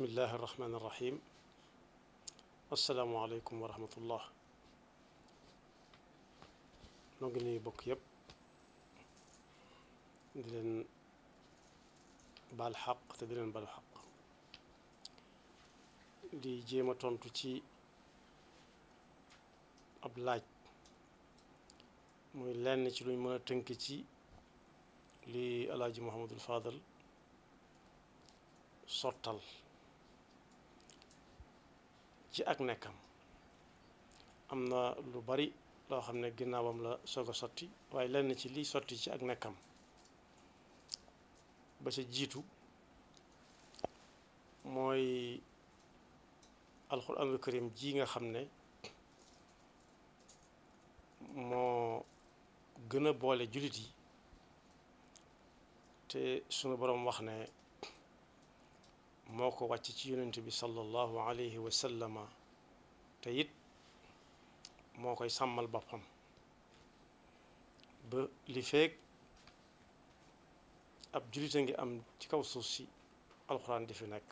bismillahi irrahmani irrahim asalaamualeykum wa rahmatullah noo ngi nuyu bokk yépp di leen baal xaq te di baal xaq di jéem a tontu ci ab laaj muy lenn ci luñ mën a tënk ci li alaaji Muhammadul Faadal sottal ci ak nekkam am na lu bari loo xam ne ginnaawam la soog a sotti waaye lenn ci liy sotti ci ak nekkam ba ca jiitu mooy alxuraanul karim ji nga xam ne moo gën a boole jullit yi te sunu boroom wax ne moo ko wàcc ci yonent bi sallallahu alayhi wa sallama te moo koy sàmmal boppam ba li feeg ab jullit ngi am ci kaw suuf si alxuraan di fi nekk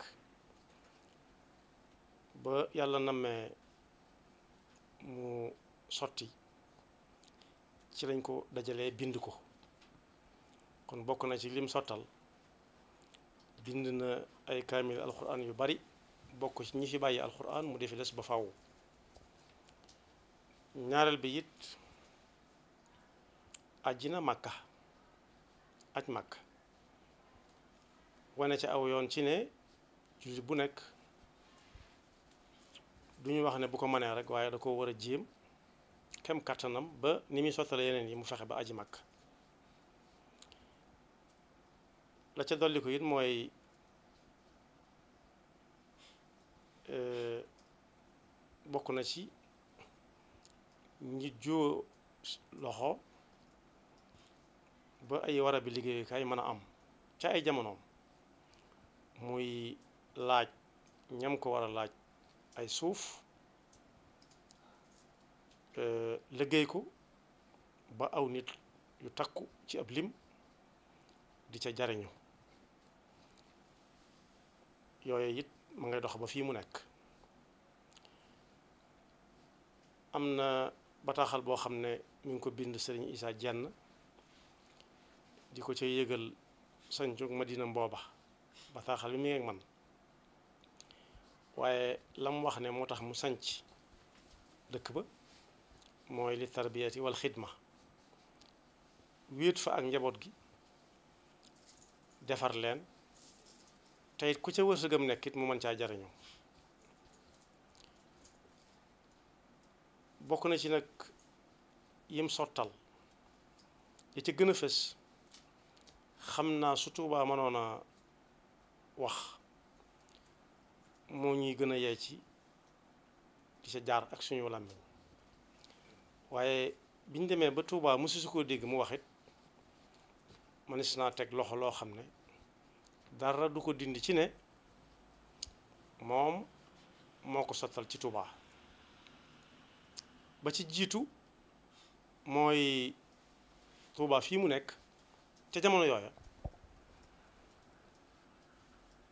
ba yàlla nammee mu sotti ci lañ ko dajalee bind ko kon bokk na ci lim sottal dind na ay kaamil alxuraan yu bari bokk ci ñi fi bàyyi alxuraan mu defi des ba faw ñaareel bi it ajjina màkka aj màkk wane ca aw yoon ci ne jullit bu nekk duñu wax ne bu ko mënee rek waaye da ko war a jéem kem kàttanam ba ni muy sottale yeneen yi mu fexe ba aji màkk la ca dolli ko it mooy e, bokk na ci ñi joo loxo ba ay wara bi liggéeyukaay mën a am ca ay jamonoom muy laaj ñam ko war a laaj ay suuf e, liggéey ko ba aw nit yu takku ci ab lim di ca jariñu yooye it ma ngay dox ba fii mu nekk am na bataaxal boo xam ne mi ngi ko bind sëriñ Issa jenn di ko ca yëgal ma Madina mbooba bataaxal bi mi ngi man waaye lam wax ne moo tax mu sanc dëkk ba mooy li tarbiyati wal xidma wéet fa ak njaboot gi defar leen tey ku ca wërsëgam nekk it mu mën caa jariñu bokk na ci nag yim sottal yi ci gën a fës xam naa su Tuubaa mënoon a wax moo ñuy gën a yee ci di sa jaar ak suñu làmmiñ waaye biñ demee ba Tuubaa mosu su koo dégg mu waxit it mënees naa teg loxo loo xam ne dara du ko dindi ci ne moom moo ko sottal ci Touba ba ci jiitu mooy Touba fii mu nekk ca jamono yooya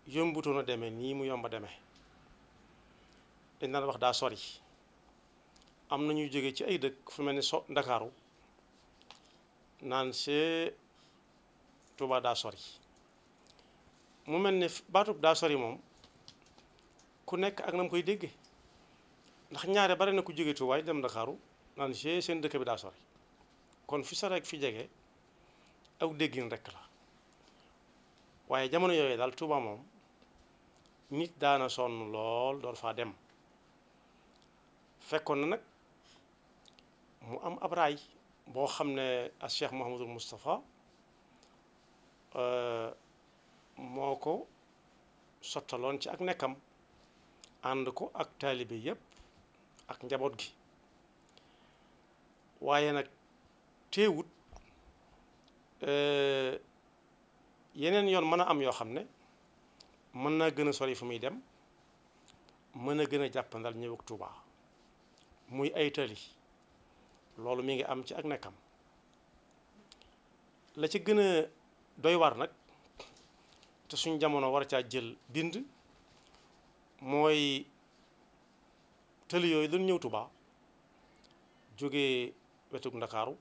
yombutoon a demee nii mu yomba demee dañ daan wax daa sori am na ñuy jóge ci ay dëkk fu mel ni so Ndakaaru naan see Touba daa sori mu mel ni baatub daa sori moom ku nekk ak na mu koy dégge ndax ñaare bare na ku jóge Tuubaa dem Ndakaaru naan g seen dëkk bi daa sori kon fi sore ak fi jege aw déggin rekk la waaye jamono yooyu daal Tuubaa moom nit daana sonn lool door faa dem fekkoon na nag mu am ab raay boo xam ne a Cheikh Mouhamadul moo ko sottaloon ci ak nekkam ànd ko ak taalibe yépp ak njaboot gi waaye nag teewut e, yeneen yoon mën a am yoo xam ne mën naa gën a sori fu muy dem mën a gën a jàppandal ñëw ak Tuuba muy ay loolu mi ngi am ci ak nekkam la ci gën a doy war nag te suñ jamono war caa jël bind mooy tëli yooyu dañ ñëw Touba jógee wetug Ndakaaru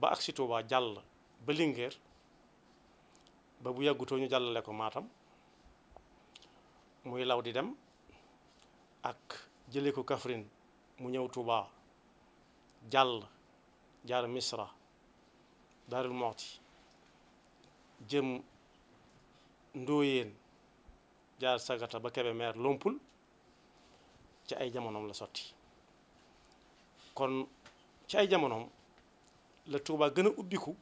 ba agsi Touba jàll ba Linguère ba bu yàggutoo ñu jàllale ko maatam muy law di dem ak jële ko kafrin mu ñëw Touba jàll jaar Misra Darou Mouhty jëm ndóoyeen jaar sagata ba Kébémer lompul ci ay jamonoom la sotti kon ci ay jamonoom la Touba gën a ubbiku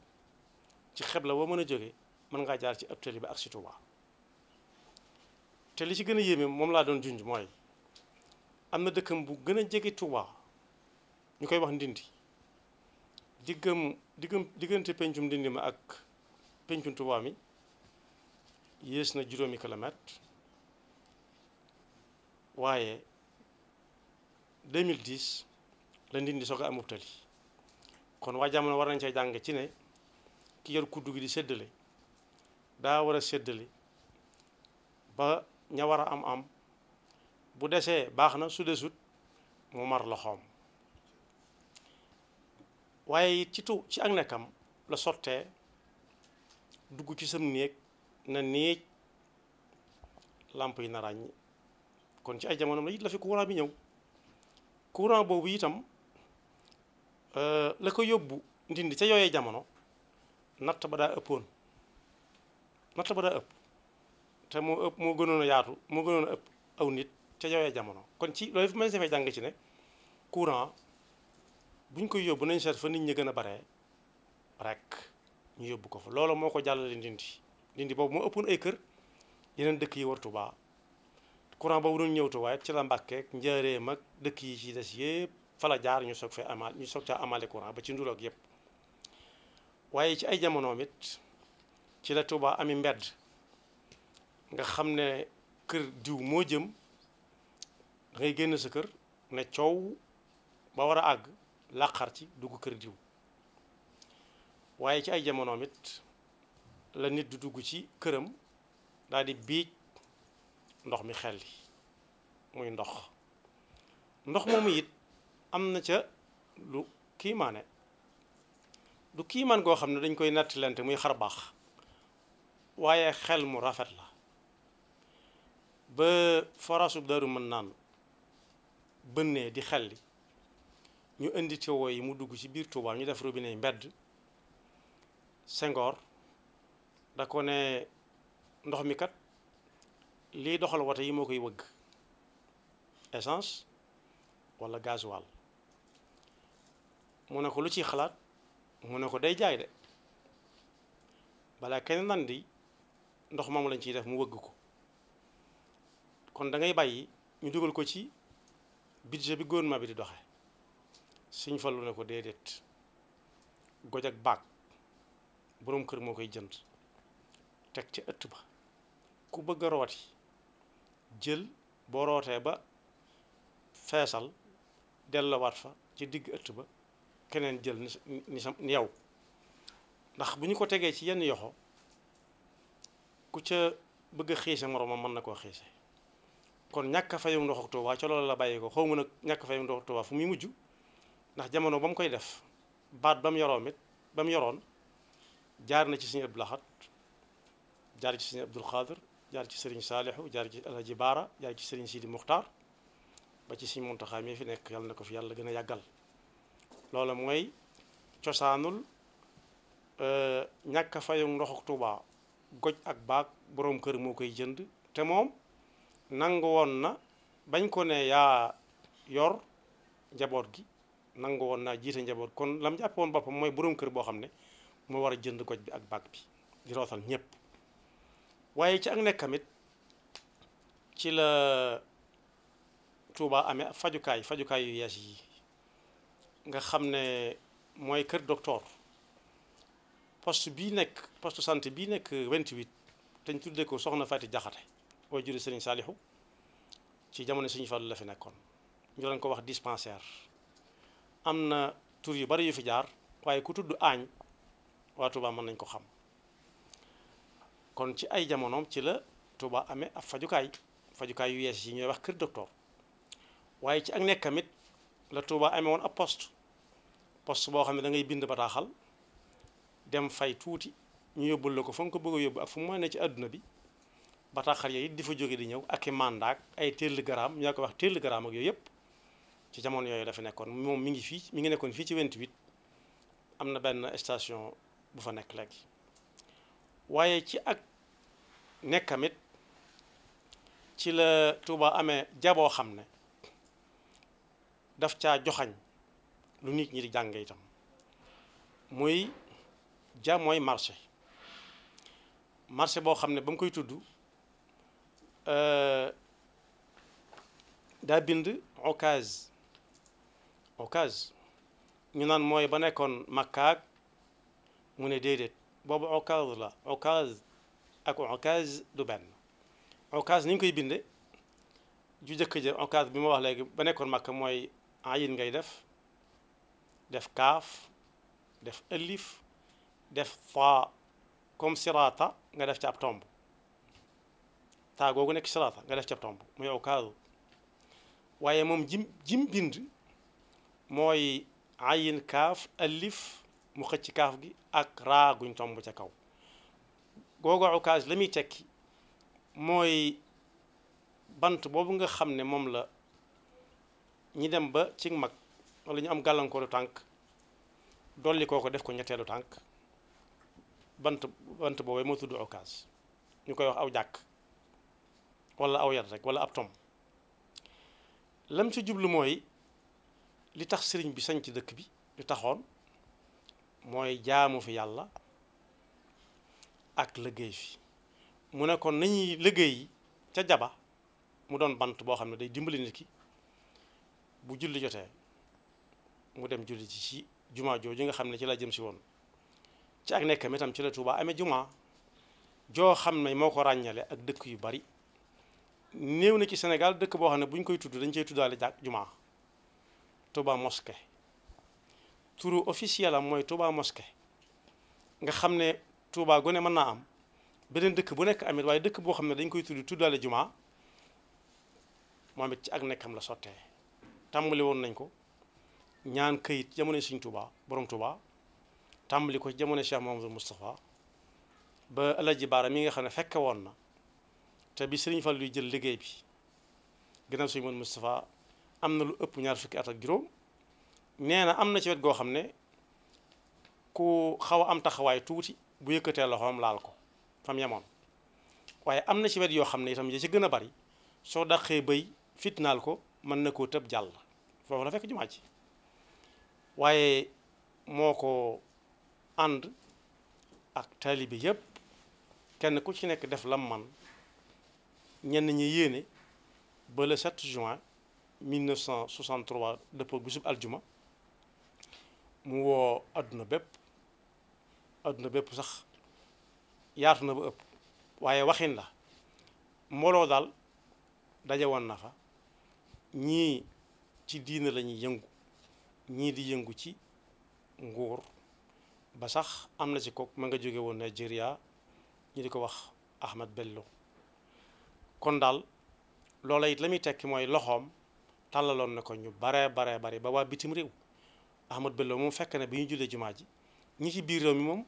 ci la boo mën a jóge mën ngaa jaar ci ab tali ba ak si Touba te li ci gën a yéeme moom laa doon junj mooy am na dëkkam bu gën a jege Touba ñu koy wax Ndindi diggam diggam diggante pencum Ndindi ma ak pencum Touba mi yées na juróomi kilomètre waaye 2010 la Ndindi soog a amub tali kon waa jamono war nañ cee jàng ci ne ki yor kuddu gi di séddale daa war a seddale ba ña war a am am bu desee baax na su desut mu mar loxoom waaye ci tu ci ak nekkam la sottee dugg ci sam néeg na néeg làmp yi na ràññ kon ci ay jamono la it la fi courant bi ñëw courant boobu itam euh, la ko yóbbu ndindi ca yooyee jamono natt ba daa ëppoon natt ba daa ëpp te moo ëpp moo gënoon a yaatu moo gënoon a ëpp aw nit ca yooyee jamono kon ci loolu fi mën sefee jàng ci ne courant bu koy yóbbu nañ seet fa nit ñi gën a bare rek ñu yóbbu ko fa loolu moo ko jàllale ndindi dindi boobu moo ëppoon ay kër yeneen dëkk yi war Touba courant boobu doon ñëw Touba it ci la Mbàkke Njaaréem mag dëkk yi ci des yëpp fa la jaar ñu soog fee amaal ñu soog caa ba ci nduloog yëpp waaye ci ay jamonoom it ci la Touba ami mbedd nga xam ne kër moo jëm da génn sa kër ne coow ba war a àgg làqar ci dugg kër diw waaye ci ay jamonoom it la nit du dugg ci këram daadi di biij ndox mi xel li muy ndox ndox moomu it am na ca lu kiimaane du kiimaan goo xam ne dañ koy nattilante muy xar baax waaye xel mu rafet la ba forasub daru mën naan bënnee di xel li ñu indi tiwo yi mu dugg ci biir Tuubaa ñu def robinet mbedd Senghor da ko ne ndox mi kat liy doxal wata yi moo koy wëgg essence wala gasoil mu ne ko lu ciy xalaat mu ne ko day jaay de balaa kenn nan di ndox moom lañ ciy def mu wëgg ko kon da ngay bàyyi ñu dugal ko ci budget bi gouvernement bi di doxe suñ fallu ne ko déedéet goj ak baag boroom kër moo koy jënd teg ca ëtt ba ku bëgg a rooti jël boo rootee ba feesal dellowaat fa ci digg ëtt ba keneen jël ni sa ni yow ndax bu ñu ko tegee ci yenn yoxo ku ca bëgg a xiise moroomam mën na koo xiise kon ñàkk a fayum ndoxu Tuubaa ca loolu la bàyyi ko xaw ma nag ñàkk fayum ndoxu Tuubaa fu muy mujj ndax jamono ba mu koy def baat ba mu yoroom it ba mu yoroon jaar na ci Sëriñ Abdul Ahad jaar ci sëriñ Abdul Xaadir jaar ci sëriñ Saalihu jaar ci Alhaji Baara jaar ci sëriñ Sidi Muxtaar ba ci sëriñ Muntaxa mi fi nekk yàlla na ko fi yàlla gën a yàggal loola mooy cosaanul euh, ñàkk a fayu ndoxu Tuuba goj ak baag boroom kër moo koy jënd te moom nangu woon na bañ ko ne yaa yor njaboot gi nangu woon naa jiite njaboot kon lam jàpp woon boppam mooy boroom kër boo xam ne moo war a jënd goj bi ak baag bi di rootal ñëpp waaye ci ak nekkam it ci la Touba amee fajukaay fajukaay yu yees yi nga xam ne mooy kër docteur poste bii nekk poste santé bii nekk 28 te ñu tuddee ko soxna Fati Jaxate way juri Serigne Saalihu ci jamono Serigne Fallu la fi nekkoon ñu doon ko wax dispensaire am na tur yu bari yu fi jaar waaye ku tudd aañ waa Touba mën nañ ko xam kon ci ay jamonoom ci la Touba amee ab fajukaay fajukaay yu yees yi ñooy wax kër docteur waaye ci ak nekkamit la Touba amee woon ab poste poste boo xam ne da ngay bind bataaxal dem fay tuuti ñu yóbbul la ko fa nga ko bëgg a yóbbu ak fu mu ne ci àdduna bi bataaxal yooyu di fa jóge di ñëw ak i mandat ay télégramme ñoo ko wax télégramme ak yooyu yëpp ci jamono yooyu dafa nekkoon moom mi ngi fii mi ngi nekkoon fii ci 28 am na benn station bu fa nekk léegi. waaye ci ak nekkamit ci la Touba amee jaboo xam ne daf caa joxañ lu nit ñi di jàng itam muy ja mooy marché marché boo xam ne ba mu koy tudd euh, daa bind ocase ocase ñu naan mooy ba nekkoon makkaak mu ne déedéet boobu okaz la okaz ak okaz du benn okaz ni ñu koy binde ju jëkk ja okaz bi ma wax léegi ba nekkoon màkk mooy ayin ngay def def kaaf def ëllif def fa comme sirata nga def ci ab tomb taa googu nekk sirata nga def ci ab tomb muy okazu waaye moom jim jim bind mooy ayin kaaf ëllif mu xëcc kaaf gi ak raa guñ tomb ca kaw googu ukaas la muy tekki mooy bant boobu nga xam ne moom la ñi dem ba ci mag wala ñu am gàllankooru tànk dolli koo ko def ko ñetteelu tànk bant bant boobee moo tudd ukaas ñu koy wax aw jàkk wala aw yat rek wala ab tom lam ci jublu mooy li tax sëriñ bi sañ ci dëkk bi li taxoon mooy jaamu fi yàlla ak liggéey fi mu ne kon nañuy liggéey ca jaba mu doon bant boo xam ne day dimbali nit ki bu julli jotee mu dem julli ci ci jumaa jooju nga xam ne ci la jëm si woon ci ak nekkam itam ci la Tuubaa amee jumaa joo xam ne moo ko ràññale ak dëkk yu bari néew na ci senegal dëkk boo xam ne bu ñu koy tudd dañ cey tuddaale jàkk jumaa Tuubaa mosquée turu officiel am mooy Touba moske nga xam ne Touba gone mën naa am beneen dëkk bu nekk amit waaye dëkk boo xam ne dañ koy tudd tuddaale juma moom it ci ak nekkam la sottee tàmbali woon nañ ko ñaan këyit jamono suñ Touba borom Touba tàmbali ko jamono Cheikh Mahamadou Moustapha ba El Hadj Baara mi nga xam ne fekke woon na te bi Serigne fa luy jël liggéey bi gannaaw suñu mën Moustapha am na lu ëpp ñaar fukki at ak juróom. nee na am na ci wet goo xam ne ku xaw a am taxawaay tuuti bu yëkkatee loxoom laal ko fam yemoon waaye am na ci wet yoo xam ne tam yi ci gën a bari soo daqee bëy fitnaal ko mën na koo tëb jàll foofu la fekk jumaa ji waaye moo ko ànd ak taalibe yépp kenn ku ci nekk def lam man ñenn ñi yéene ba le 7 juin 1963 dëppoo bisub aljuma mu woo adduna bépp àdduna bépp sax yaatu na ba ëpp waaye waxin la mbooloo daal daje won naxa ñii ci diina lañuy yëngu ñii di yëngu ci nguur ba sax am na ci kook ma nga jóge woon Nigeria ñu di ko wax Ahmed Bello kon daal loola it la muy tekki mooy loxoom tàllaloon na ko ñu baree baree bari ba waa bitim réew Ahmad Bello moom fekk na bi ñu jullee jumaa ji ñi ci biir réew mi moom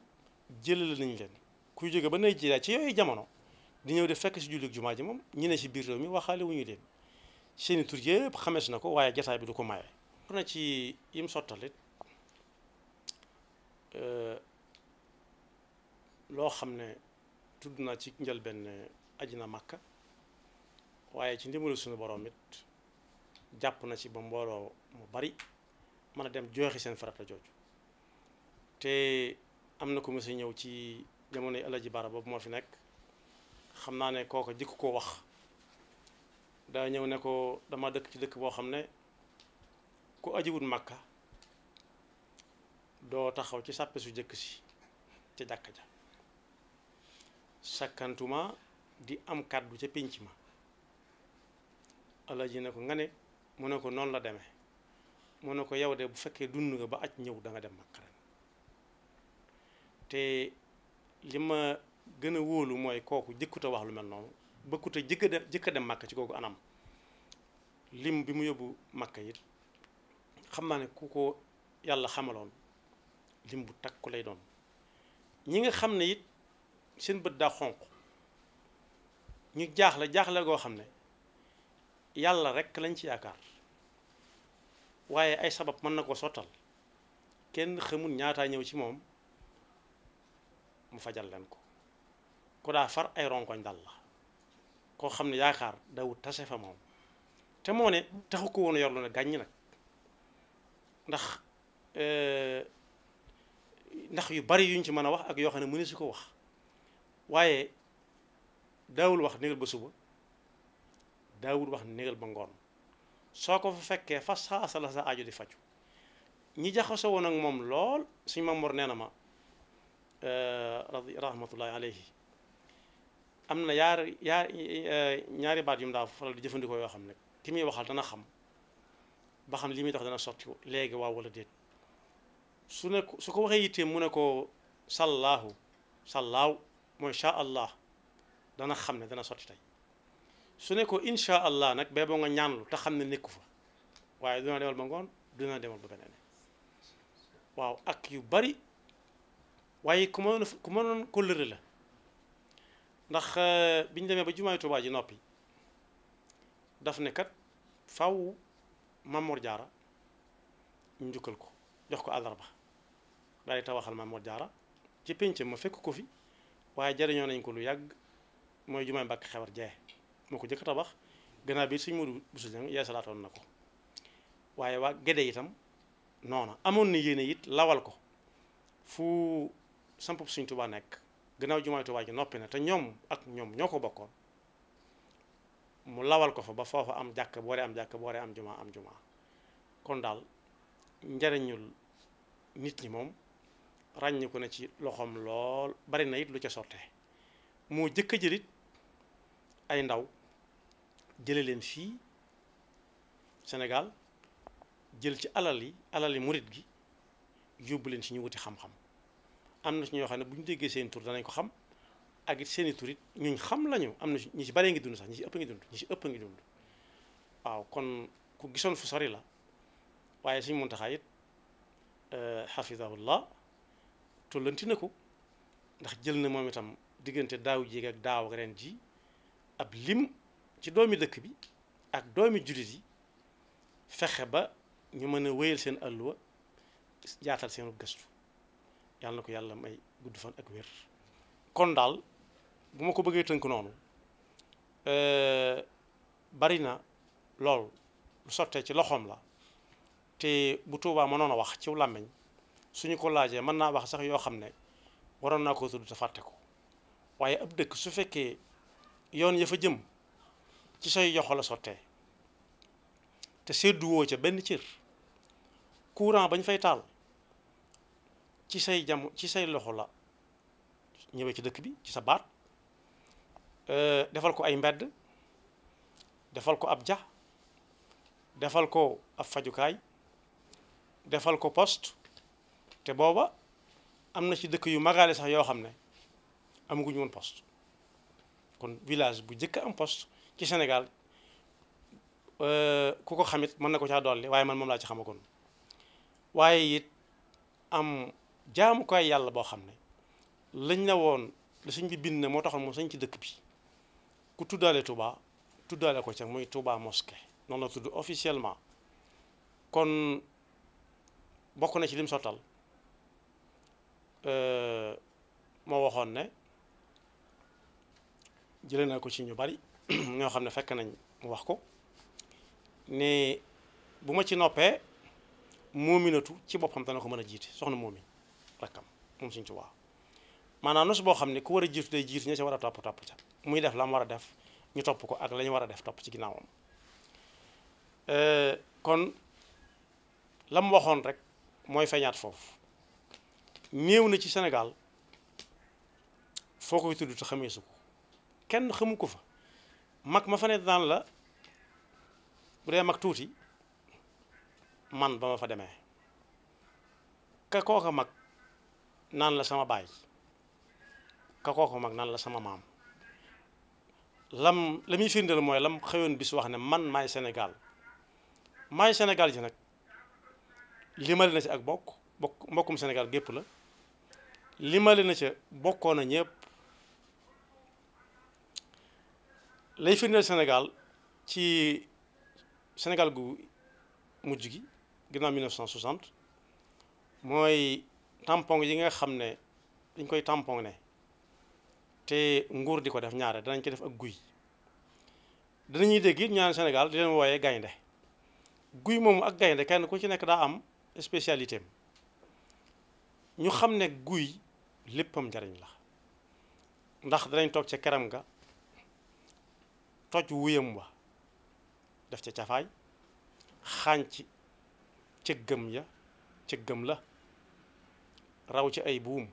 jëlal nañu leen kuy jóge ba Nigeria ci yooyu jamono di ñëw di fekk si jullit jumaa ji moom ñu ne si biir réew mi waxaale wu ñu leen seeni tur yëpp xamees na ko waaye jataay bi du ko maye. na ci yim sottalit euh, loo xam ne tudd naa ci njëlbeen aji na Makka waaye ci ndimbalu sunu borom it jàpp na ci ba mbooloo mu bari mën a dem jooxi seen farata jooju te am na ko mos a ñëw ci jamonoy Alaaji Baara boobu moo fi nekk xam naa ne kooka jikk koo wax daa ñëw ne ko dama dëkk ci dëkk boo xam ne ko ajiwul makka doo taxaw ci sàppe su jëkk si ca jàkka ja sakkantuma di am kàddu ca pénc ma Alaaji ne ko nga ne mu ne ko noonu la demee mu ne ko yow de bu fekkee dund nga ba aj ñëw danga nga dem Makka te li ma gën a wóolu mooy kooku jëkkut wax lu mel noonu bëkkut a jëkk a dem jëkk Makka ci kooku anam lim bi mu yóbbu Makka it xam naa ne ku ko yàlla xamaloon lim bu takku lay doon ñi nga xam ne it seen bët daa xonq ñu jaaxle jaaxle goo xam ne yàlla rekk lañ ci yaakaar waaye ay sabab mën na ko sottal kenn xamul ñaataa ñëw ci moom mu fajal leen ko ko daa far ay ronkoñ dal la koo xam ne yaakaar dawut tase fa moom te moo ne taxu ko woon yorlu ne gàññ nag ndax eh, ndax yu bari yuñ ci mën a wax ak yoo xam ne mu mënu si ko wax waaye daawul wax négal ba suba daawul wax négal ba ngoon soo ko fa fekkee fa saasa la sa aju di faju ñi jaxasoo woon ak moom lool suñ Mamoor nee na ma euh, rahmatullahi alayhi am na yaar yaar euh, ñaari baat yu mu daa faral di jëfandikoo yoo xam ne kii muy waxal dana xam ba xam li muy tax dana sotti léegi waaw wala déet su ne su ko waxee yitteem mu ne ko sallaahu sallaaw mooy sha allah dana xam ne dana sotti tey su ne ko incha allah nag bee boo nga ñaanlu te xam ne nekku fa waaye duna demal ba ngoon duna demal ba beneen waaw ak yu bari waaye ku ma ku mënoon ko lëre la ndax euh, bi ñu demee ba jumaay Tuubaa ji noppi daf ne kat faw Mamour jaara ñu njukkal ko jox ko àllarba daal di tawaxal Mamour Diarra ci pénc ma fekk ko fi waaye jariñoo nañ ko lu yàgg mooy jumaay Mbàkke Xewar jee moo ko jëkk a tabax gannaaw bi suñ Modou Bousso Dieng yeesalaatoon na ko waaye waa Gédé noona amoon na yéene it lawal ko fu sampub Sëñ Tuubaa nekk gannaaw jumaay Tuubaa ji noppi na te ñoom ak ñoom ñoo ko bokkoon mu lawal ko fa ba foofa am jàkk booree am jàkk booree am jumaa am jumaa kon daal njariñul nit ñi moom ràññiku na ci loxoom lool bari na it lu ca sotte moo jëkk a jëlit ay ndaw jële leen fii Sénégal jël ci alal yi alal yi murit gi yóbbu leen ci ñu wuti xam-xam am na ci ñoo xam ne bu ñu déggee seen tur danañ ko xam ak it seen i tur it ñuñ xam lañu am na ñu si baree ngi dund sax ñi si ëpp ngi dund ñi ci ëpp ngi dund waaw kon ku gisoon fu sori la waaye suñ muntaxaa it euh, xafidahullah tollanti na ko ndax jël na moom itam diggante daaw jéeg ak daaw ak ren ji ab lim ci doomi dëkk bi ak doomi jullit yi fexe ba ñu mën a wéyal seen àlluwa yaatal seen gëstu yàlla ko yàlla may gudd fan ak wér kon daal bu ma ko bëggee tënk noonu euh, bari na lool lu sottee ci loxoom la te bu tuubaa mënoon a wax ci làmmiñ suñu ko laajee mën naa wax sax yoo xam ne waroon naa ko tudd te fàtte ko waaye ab dëkk su fekkee yoon ya fa jëm ci say yoxo la sottee te seddu ca benn cër courant bañ fay taal ci say jam ci say loxo la ñëwee ci dëkk bi ci sa baat euh, defal ko ay mbedd defal ko ab ja defal ko ab fajukaay defal ko post te booba am na ci dëkk yu magaale sax yoo xam ne amaguñu woon post kon village bu njëkk am post ci Sénégal euh, ku ko xamit mën na ko caa dolli waaye man moom laa ci xamagoon waaye it am jaamukaay yàlla boo xam ne lañ la woon la sëñ bi bind na moo taxoon moo sañ ci dëkk bi ku tuddaale Touba tuddaale ko ca muy Touba mosquée noonu na tudd officiellement kon bokk na ci lim sottal euh, moo waxoon ne jëlee naa ko ci ñu bari ñoo xam ne fekk nañ mu wax ko ne bu ma ci noppee moominatu ci bopp boppam dana ko mën a jiit soxna moomin rakkam moom suñ tubaa maanaam nosu boo xam ne ku war a jiitu day jiitu ña ca war a topp topp ca muy def la war a def ñu topp ko ak lañu war a def topp ci ginnaawam euh, kon lam waxoon rek mooy feeñaat foofu néew na ci senegal foo koy tudd te xamee su kenn xamu ko fa mag ma fa ne daan la bu dee mag tuuti man ba ma fa demee ka kooka mag naan la sama baay ka kooka mag naan la sama maam lam la muy firndeel mooy lam xëyoon bis wax ne man may Sénégal may Sénégal ji nag limale na ci ak bokk bokk mbokkum Sénégal gépp la limale na ca bokkoon na ñëpp lay firndeel Sénégal ci Sénégal gu mujj gi ginnaaw 1960 mooy tampon yi nga xam ne dañ koy tampon ne te nguur di ko def ñaare danañ ko def ak guy danañuy dégg it ñaan Sénégal di leen wooyee gaynde guy moom ak gaynde kenn ku ci nekk daa am spécialité ñu xam ne guy léppam njariñ la ndax danañ toog ca keram ga toj wuyam wa def ca cafaay xànc cëggam ya cëggam la raw ci ay buum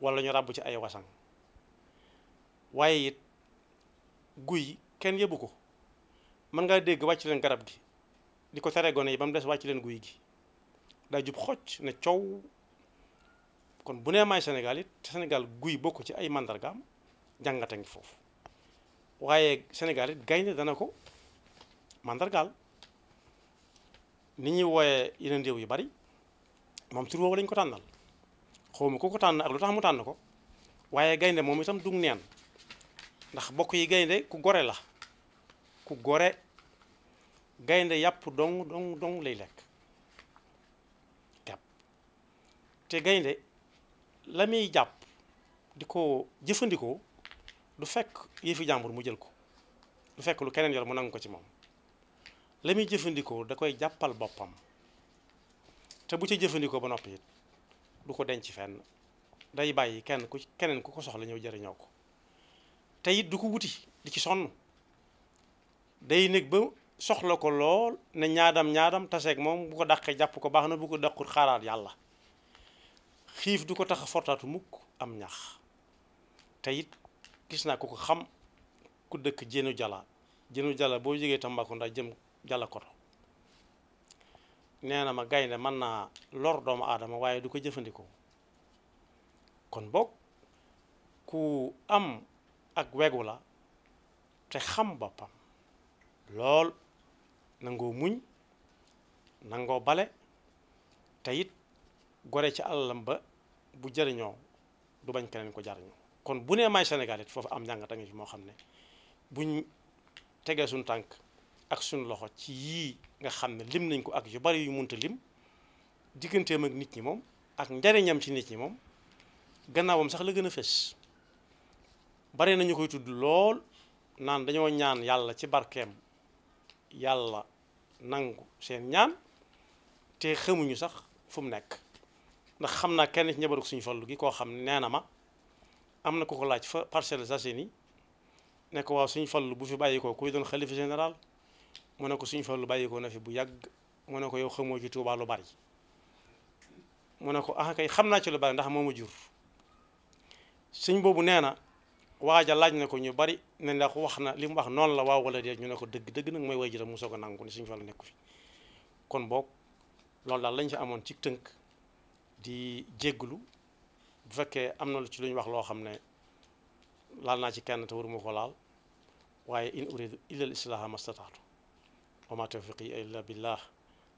walla ñu ràbb ci ay wasan waaye it guy kenn yëbu ko mën ngaa dégg wàcc leen garab gi di ko tere gone yi ba mu des wàcc leen guy gi daa jub xocc ne coow kon bu nee maay Sénégal it guy bokk ci ay màndargaam jàngate ngi foofu waaye Sénégal gaynde dana ko mandargaal ni ñuy wooyee yeneen réew yu bari moom tur woowu lañ ko tànnal xawma ku ko tànn ak lu tax mu tànn ko waaye gaynde moom itam dug neen ndax bokk yi gaynde ku gore la ku gore gaynde yàpp dong dong dong lay lekk te gaynde la muy jàpp di ko jëfandikoo du fekk yëfi jàmbur mu jël ko du fekk lu keneen yor mu nangu ko ci moom la muy jëfandikoo da koy jàppal boppam te bu ca jëfandikoo ba noppi it du ko denc fenn day bàyyi kenn ku keneen ku ko soxla ñëw jëriñoo ko te it du ko wuti di ci sonn day néeg ba soxla ko lool ne ñaadam ñaadam taseek moom bu ko daqee jàpp ko baax na bu ko dàqut xaaral yàlla xiif du ko tax a fortaatu mukk am ñax te gis naa ko ko xam ku dëkk Jéenu Jala Jéenu Jala boo jógee Tambacounda jëm Jala koto nee na ma gaynde mën naa lor doomu aadama waaye du ko jëfandikoo kon bokk ku am ak wegu la te xam boppam lool nangoo muñ nangoo bale te it gore ci alalam ba bu jëriñoo du bañ keneen ko jariñoo kon bu nee maay Sénégal foofu am njàngat a ngi moo xam ne buñ tegee suñ tànk ak suñ loxo ci yii nga xam ne lim nañ ko ak yu bari yu munta lim digganteem ak nit ñi moom ak njariñam ci nit ñi moom gannaawam sax la gën a fés bari nañu koy tudd lool naan dañoo ñaan yàlla ci barkeem yàlla nangu seen ñaan te xamuñu sax fu mu nekk ndax xam naa kenn ci njabaru suñu fallu gi koo xam nee na ma am na ko ko laaj fa Parcelles Assainies ni ko waaw suñ fallu bu fi bàyyikoo kuy doon xalifa général mu ne ko suñ lu bàyyikoo na fi bu yàgg mu ne ko yow xamoo ci Tuubaa lu bari mu ne ko ah xam naa ci lu bari ndax moo ma jur suñ boobu nee na waaja laaj na ko ñu bari ne ndax wax na li mu wax noonu la waaw wala déet ñu ne ko dëgg dëgg nag mooy way jëram mu soog a nangu ni suñ fallu nekku fi kon boog loolu daal lañ fi amoon ci tënk di jégglu bu fekkee am na lu ci lu ñu wax loo xam ne laal naa ci kenn te waruma ko laal waaye in uridu illa al islaha mastataatu wa ma tawfiqi illa billah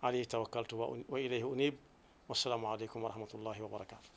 alayhi tawakkaltu wa ilayhi unib wassalaamu aleykum wa rahmatullahi wa barakatu